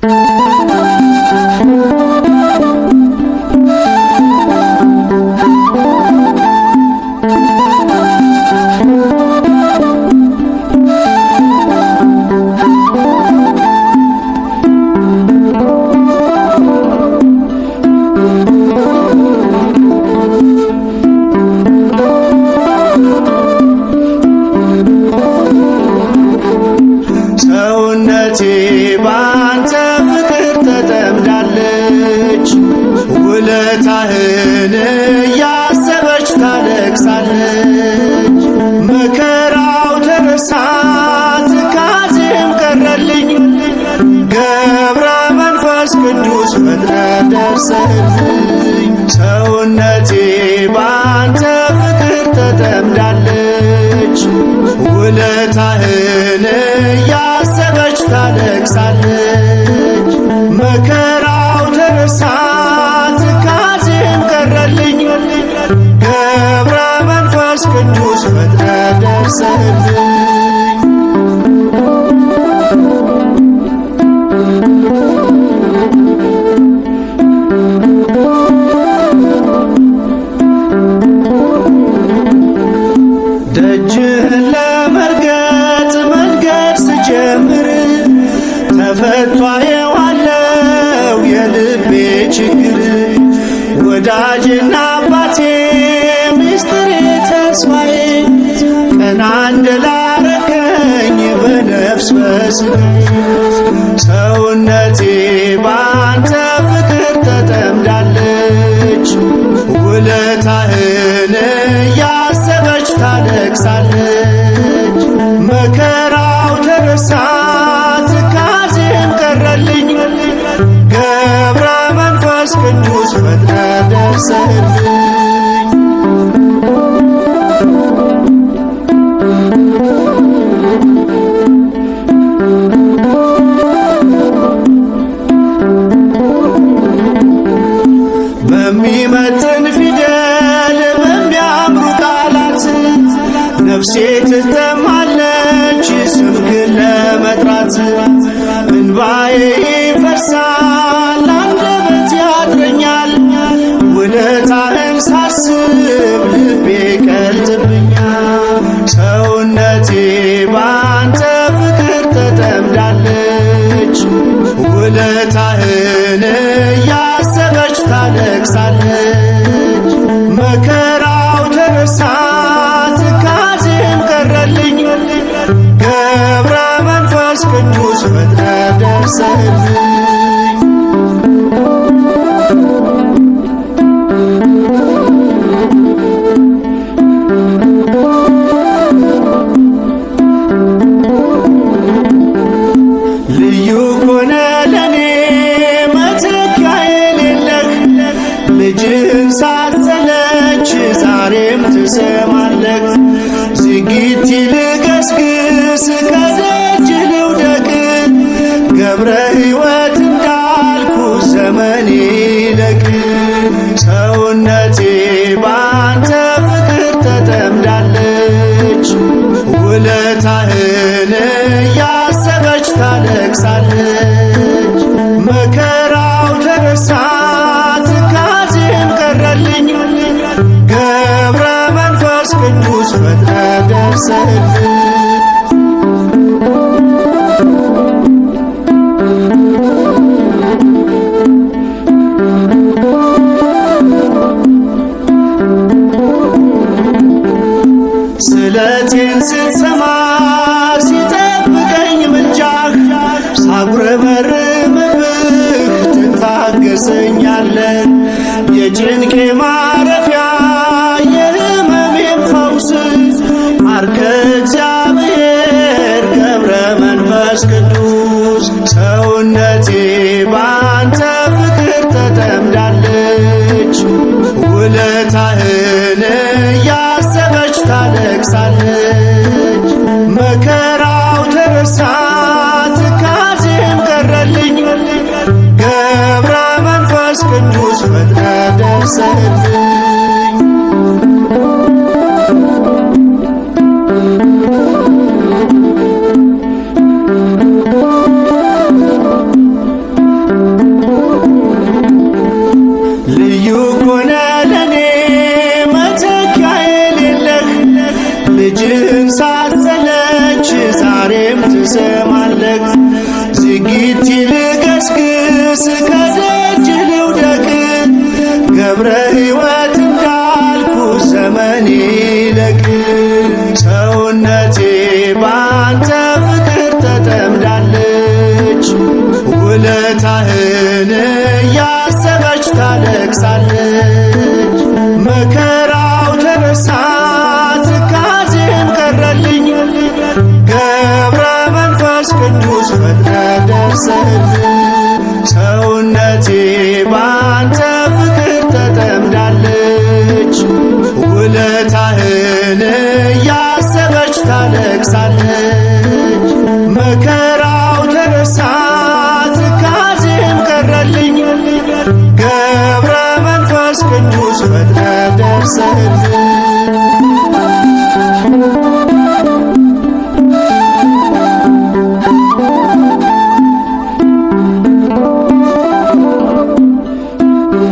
Thank you. ጌታህን እያሰበች ታለቅሳለች። መከራው ተረሳ ትካዜም ቀረልኝ ገብረ መንፈስ ቅዱስ ፈጥረ ደርሰልኝ ሰውነቴ ባንተ ፍቅር ተጠምዳለች። ውለታህን እያሰበች ታለቅሳለች። ፈጥረ ደርሰልን በስበስ ሰውነቴ ባንተ ፍቅር ተጠምዳለች ውለታህን እያሰበች ታለቅሳለች። መከራው ተረሳ ትካዜም ቀረልኝ ገብረ መንፈስ ቅዱስ ፈጥረ ደርሰልኝ ነፍሴ ትተማለች ስምህን ለመጥራት እንባዬ ይፈሳል፣ አንደበት ያድረኛል ውለታህን ሳስብ ልቤ ቀልጥብኛል። ሰውነቴ ባንተ ፍቅር ተጠምዳለች ውለታህን እያሰበች ታለቅሳለች መከራው ተነሳ sevdim ገብረ ሕይወት እንዳልኩ ዘመኔ ይለቅ ሰውነቴ ባንተ ፍቅር ተጠምዳለች። ውለታህን እያሰበች ታለቅሳለች። መከራው ደረሳ ትካዜም ቀረልኝ ገብረ መንፈስ ቅዱስ ፈጥረ ደርሰል ካህን መቼም ሳትሰለች ዛሬም ትሰማለህ። ዝጊት ይልገስግስ ከደጅ ልውደቅ ገብረ ሕይወት እንዳልኩ ዘመን ይለቅ ሰውነቴ ባንተ ፍቅር ተጠምዳለች ውለታህን እያሰበች ታለቅሳለች። ታደርሰልን ሰውነቴ ባንተ ፍቅር ተጠምዳለች ውለታህን እያሰበች ታለቅሳለች። መከራው ተረሳ ትካዜም ቀረልኝ ገብረ መንፈስ ቅዱስ ፈጥነ ደርሰልን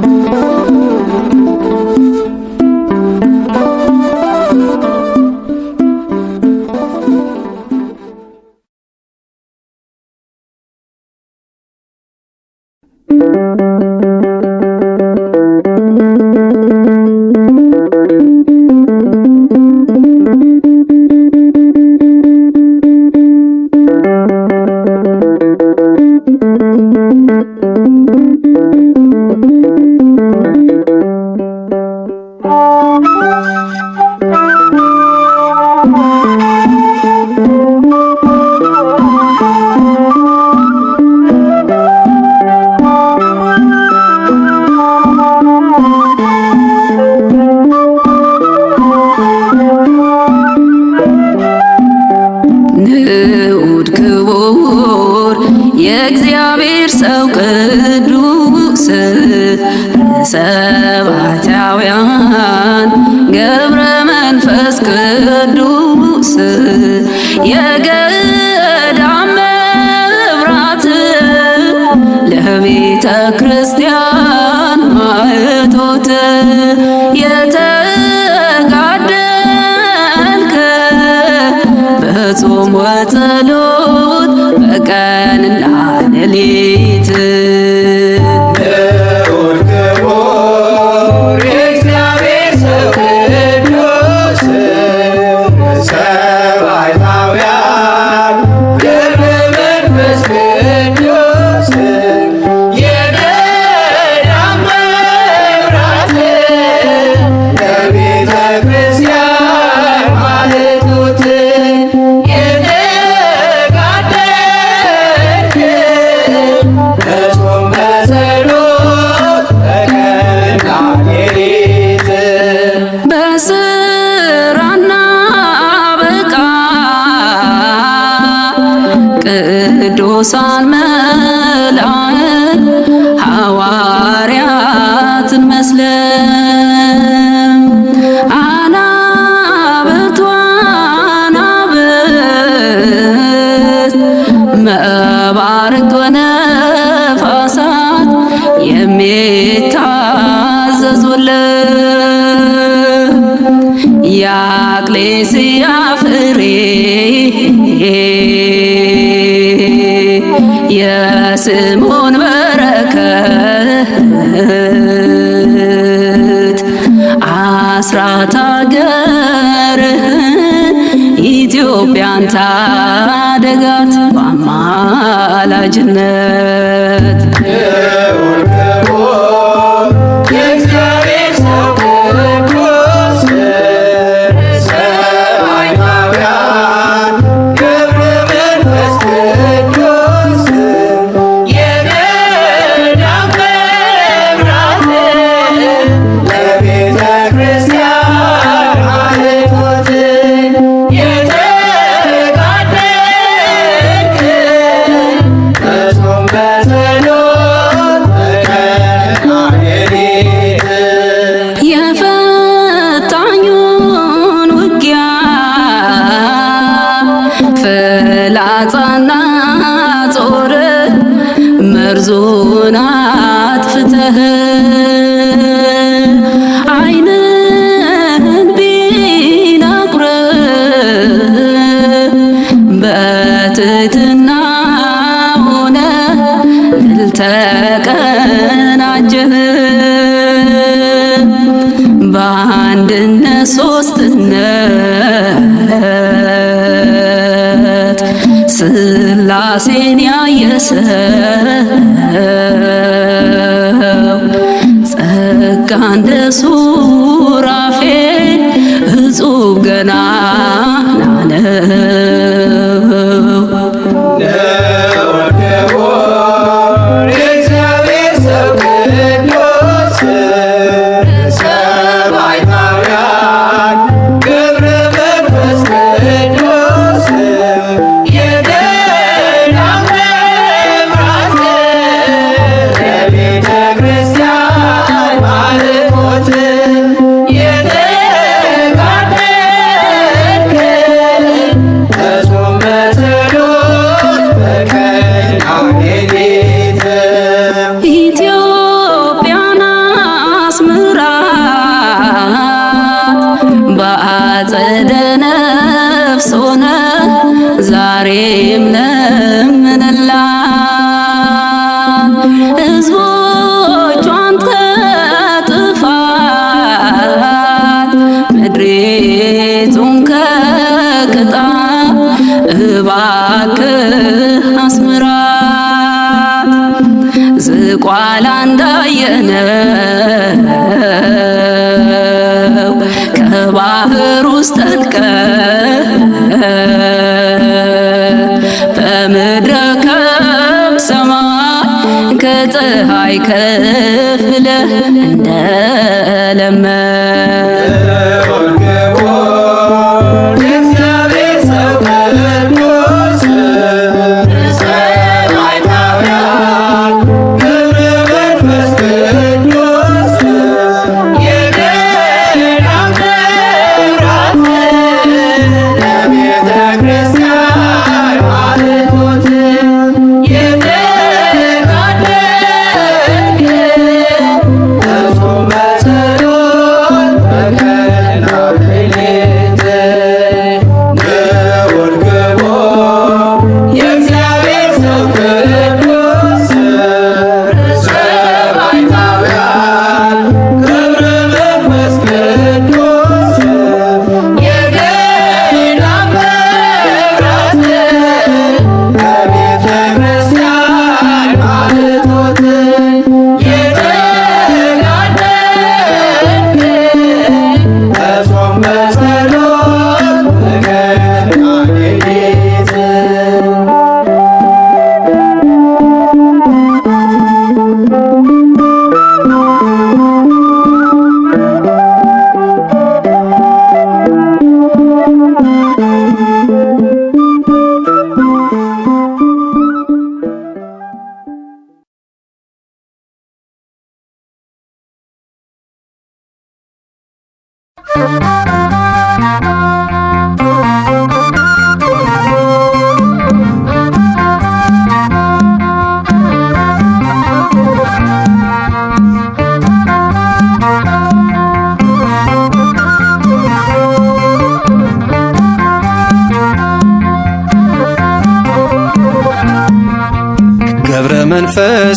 Thank you. 我在。ኢትዮጵያን ታደጋት በአማላጅነት በአንድነት ሶስትነት ስላሴን ያየሰው ጸጋ እንደሱ ከፀሐይ ከፍ ብለህ እንደለመ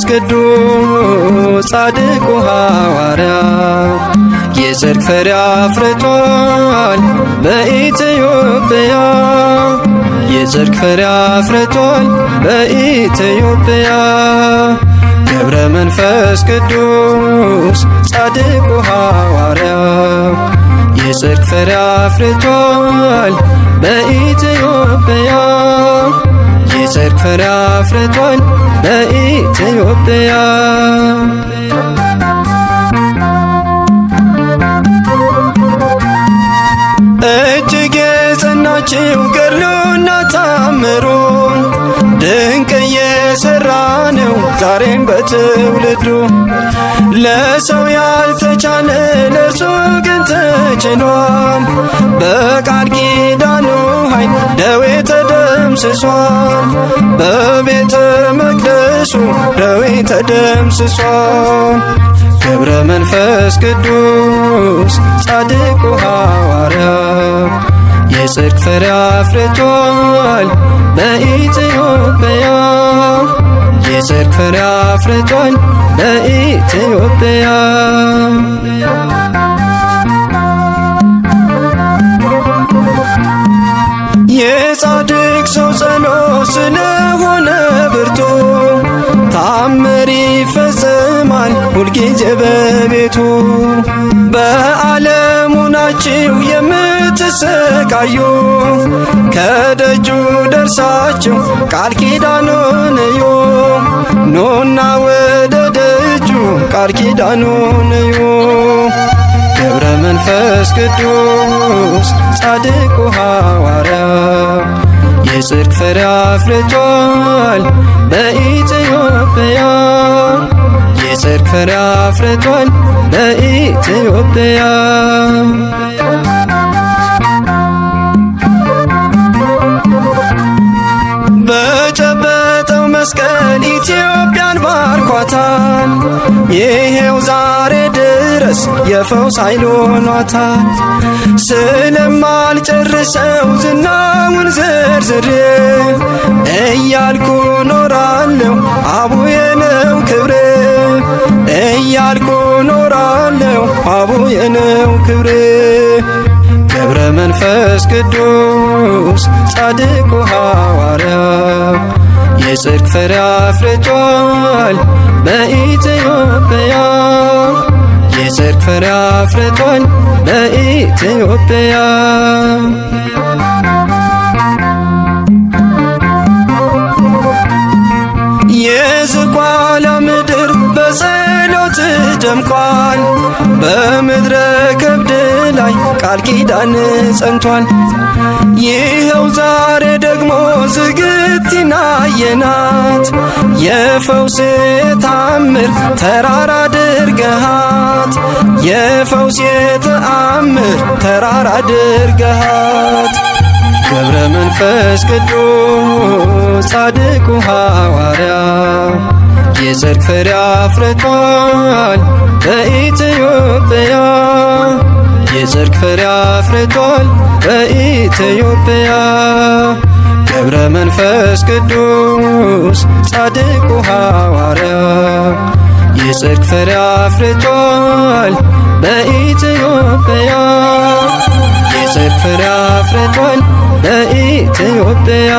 መንፈስ ቅዱስ ጻድቁ ሐዋርያ የጽድቅ ፍሬ አፍርቷል በኢትዮጵያ የጽድቅ ፍሬ አፍርቷል በኢትዮጵያ ገብረ መንፈስ ቅዱስ ጻድቁ ሐዋርያ የጽድቅ ፍሬ አፍርቷል በኢትዮጵያ የጽድቅ ፍሬ አፍርቷል በኢትዮጵያ። እጅግ የጸናችው ገድሉና ታምሩ ድንቅ እየሠራ ነው ዛሬም በትውልዱ ለሰው ያልተቻለ ለእርሱ ግን ተችሏል በቃል ኪዳኑ ኃይል ደዌ ተደ ተደምስሷል በቤተ መቅደሱ ደዌ ተደምስሷል ገብረ መንፈስ ቅዱስ ጻድቁ ሐዋርያ የጽድቅ ፍሬ አፍርቷል በኢትዮጵያ የጽድቅ ፍሬ አፍርቷል በኢትዮጵያ ጸሎ ስለሆነ ብርቱ ታምር ይፈጽማል ሁልጊዜ በቤቱ። በዓለሙ ናችሁ የምትሰቃዩ ከደጁ ደርሳችሁ ቃል ኪዳኑን እዩ። ኑና ወደ ደጁ ቃል ኪዳኑን እዩ። ገብረ መንፈስ ቅዱስ ጻድቁ ሐዋርያ የጽድቅ ፍሬ አፍርቷል በኢትዮጵያ የጽድቅ ፍሬ አፍርቷል በኢትዮጵያ አድርጓታል። ይሄው ዛሬ ድረስ የፈውስ ኃይል ሆኗታል። ስለማልጨርሰው ዝናውን ዝርዝሬ እያልኩ ኖራለሁ አቡዬ ነው ክብሬ እያልኩ ኖራለሁ አቡዬ ነው ክብር ገብረ መንፈስ ቅዱስ ጻድቁ ሐዋርያ የጽድቅ ፍሬ አፍርቷል በኢትዮጵያ የጽድቅ ፍሬ አፍርቷል በኢትዮጵያ የዝቋላ ምድር በጸሎት ደምቋል በምድረ ከብድ ላይ ቃል ኪዳን ጸንቷል ይኸው ዛሬ ደግሞ ዝግቲና የናት የፈውስ ተአምር ተራራ አድርገሃት የፈውስ ተአምር ተራራ አድርገሃት ገብረ መንፈስ ቅዱስ ጻድቁ ሐዋርያ የዘርክ ፍሬ አፍርቷል በኢትዮጵያ የጽድቅ ፍሬ አፍርቷል በኢትዮጵያ። ገብረ መንፈስ ቅዱስ ጻድቁ ሐዋርያ የጽድቅ ፍሬ አፍርቷል በኢትዮጵያ። የጽድቅ ፍሬ አፍርቷል በኢትዮጵያ።